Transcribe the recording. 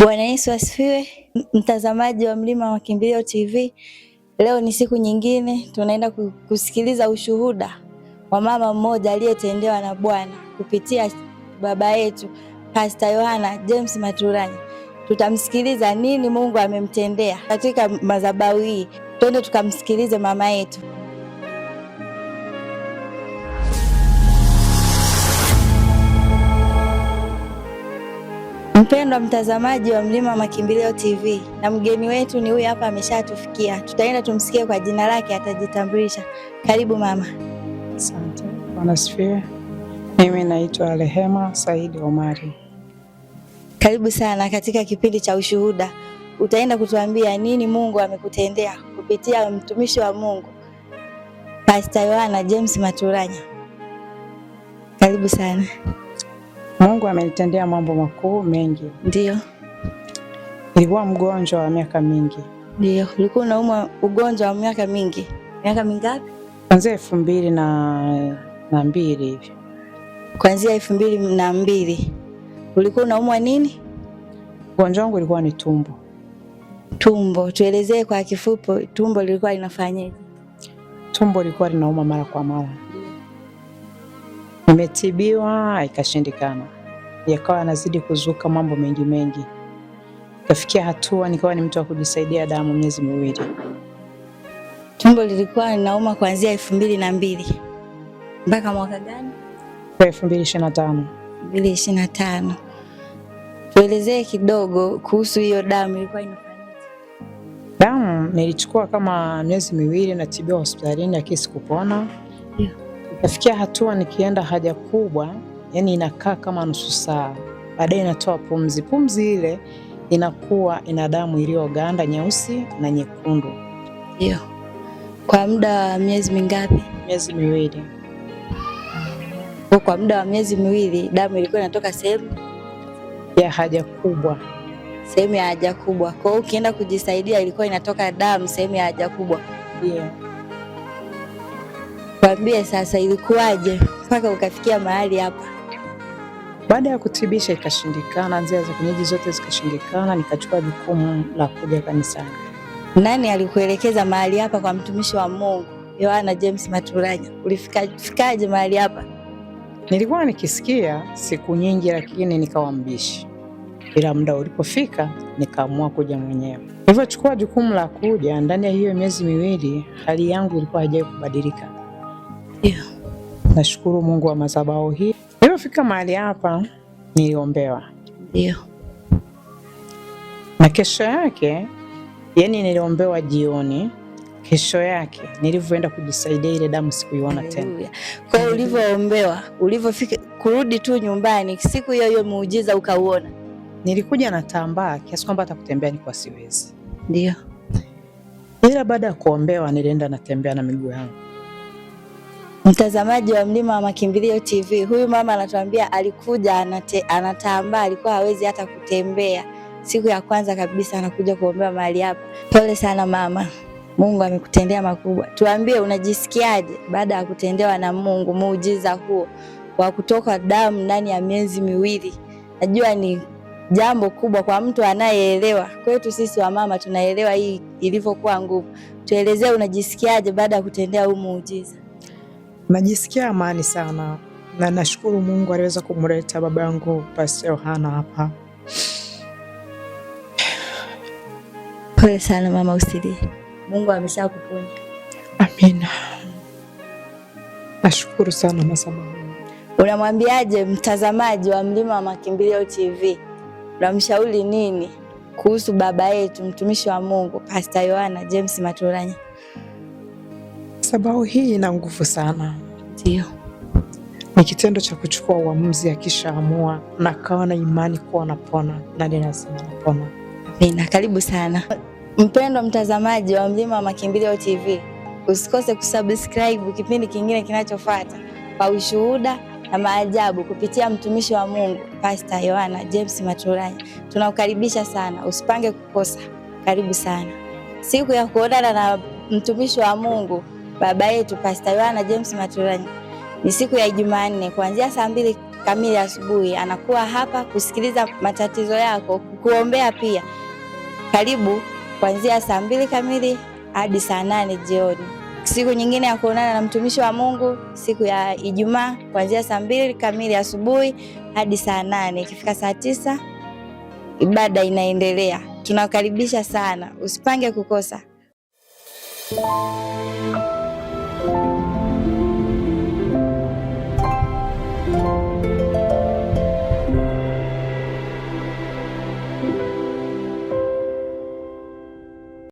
Bwana Yesu asifiwe, mtazamaji wa Mlima wa Makimbilio TV. Leo ni siku nyingine tunaenda kusikiliza ushuhuda wa mama mmoja aliyetendewa na Bwana kupitia baba yetu Pastor Yohana James Maturani. Tutamsikiliza nini Mungu amemtendea katika madhabahu hii. Twende tukamsikilize mama yetu. Mpendwa mtazamaji wa Mlima Makimbilio TV, na mgeni wetu ni huyu hapa, ameshatufikia. Tutaenda tumsikie kwa jina lake, atajitambulisha. Karibu mama. Asante. Bwana asifiwe. Mimi naitwa Rehema Saidi Omari. Karibu sana katika kipindi cha ushuhuda. Utaenda kutuambia nini Mungu amekutendea kupitia mtumishi wa Mungu Pastor Yohana James Maturanya. Karibu sana. Mungu amenitendea mambo makuu mengi. Ndio. Nilikuwa mgonjwa wa miaka mingi. Ndio, ulikuwa unaumwa ugonjwa wa miaka mingi. Miaka mingapi? Kuanzia elfu mbili na na mbili hivi. Kuanzia elfu mbili na mbili ulikuwa unaumwa nini? Ugonjwa wangu ulikuwa ni tumbo. Tumbo, tuelezee kwa kifupi, tumbo lilikuwa linafanyaje? Tumbo lilikuwa linauma mara kwa mara Nimetibiwa ikashindikana, yakawa anazidi kuzuka mambo mengi mengi, ikafikia hatua nikawa ni mtu wa kujisaidia damu miezi miwili. Tumbo lilikuwa linauma kuanzia elfu mbili na mbili mpaka mwaka gani? elfu mbili ishirini na tano. elfu mbili ishirini na tano. Tuelezee kidogo kuhusu hiyo damu, ilikuwa inafanyaje? Damu nilichukua kama miezi miwili, natibiwa hospitalini, lakini sikupona yeah. Nafikia hatua nikienda haja kubwa, yani inakaa kama nusu saa, baadaye inatoa pumzi. Pumzi ile inakuwa ina damu iliyoganda nyeusi na nyekundu. Ndio. Kwa muda wa miezi mingapi? Miezi miwili. Kwa muda wa miezi miwili damu ilikuwa inatoka sehemu ya haja kubwa, sehemu ya haja kubwa. Kwa hiyo ukienda kujisaidia ilikuwa inatoka damu sehemu ya haja kubwa. Ndio. Kwambie sasa, ilikuwaje mpaka ukafikia mahali hapa? Baada ya kutibisha ikashindikana, nzia za kienyeji zote zikashindikana, nikachukua jukumu la kuja kanisani. Nani alikuelekeza mahali hapa kwa mtumishi wa Mungu Yohana James Maturanya? Ulifikaje mahali hapa? Nilikuwa nikisikia siku nyingi, lakini nikawa mbishi, ila muda ulipofika nikaamua kuja mwenyewe. Nilivyochukua jukumu la kuja, ndani ya hiyo miezi miwili hali yangu ilikuwa haijai kubadilika yeah. Nashukuru Mungu wa madhabahu hii. Nilipofika mahali hapa niliombewa, Ndio. na kesho yake, yani niliombewa jioni kesho yake nilivyoenda kujisaidia ile damu sikuiona tena. Kwa hiyo ulivyoombewa, ulivyofika kurudi tu nyumbani, siku hiyo hiyo muujiza ukauona? Nilikuja natambaa kiasi kwamba hata kutembea nilikuwa siwezi, ndio. Ila baada ya kuombewa nilienda natembea na miguu yangu. Mtazamaji wa Mlima wa Makimbilio TV, huyu mama anatuambia alikuja anatambaa, alikuwa hawezi hata kutembea. Siku ya kwanza kabisa anakuja kuombea mahali hapa. Pole sana mama, Mungu amekutendea makubwa. Tuambie unajisikiaje baada ya kutendewa na Mungu muujiza huo wa kutoka damu ndani ya miezi miwili? Najua ni jambo kubwa kwa mtu anayeelewa. Kwetu sisi wamama tunaelewa hii ilivyokuwa nguvu. Tuelezee unajisikiaje baada ya kutendea huu muujiza. Najisikia amani sana na nashukuru Mungu aliweza kumleta baba yangu Pastor Yohana hapa. Pole sana mama, usilie. Mungu ameshakuponya. Amina. Nashukuru sana masaba. Unamwambiaje mtazamaji wa Mlima wa Makimbilio TV? Unamshauri nini kuhusu baba yetu mtumishi wa Mungu Pastor Yohana James Maturanya? Sababu hii ina nguvu sana. Ndio, ni kitendo cha kuchukua uamuzi akishaamua na kawa na imani kuwa anapona na ni anapona. Amina. Karibu sana mpendwa mtazamaji wa Mlima wa Makimbilio TV, usikose kusubscribe kipindi kingine kinachofuata kwa ushuhuda na maajabu kupitia mtumishi wa Mungu Pastor Yohana James Maturai. Tunakukaribisha sana, usipange kukosa. Karibu sana siku ya kuonana na mtumishi wa Mungu baba yetu Pasta Yohana James Maturana ni siku ya Jumanne kuanzia saa mbili kamili asubuhi anakuwa hapa kusikiliza matatizo yako, kuombea pia. Karibu kuanzia saa mbili kamili hadi saa nane jioni. Siku nyingine ya kuonana na mtumishi wa Mungu siku ya Ijumaa kuanzia saa mbili kamili asubuhi hadi saa nane. Ikifika saa tisa ibada inaendelea. Tunakaribisha sana, usipange kukosa. thank you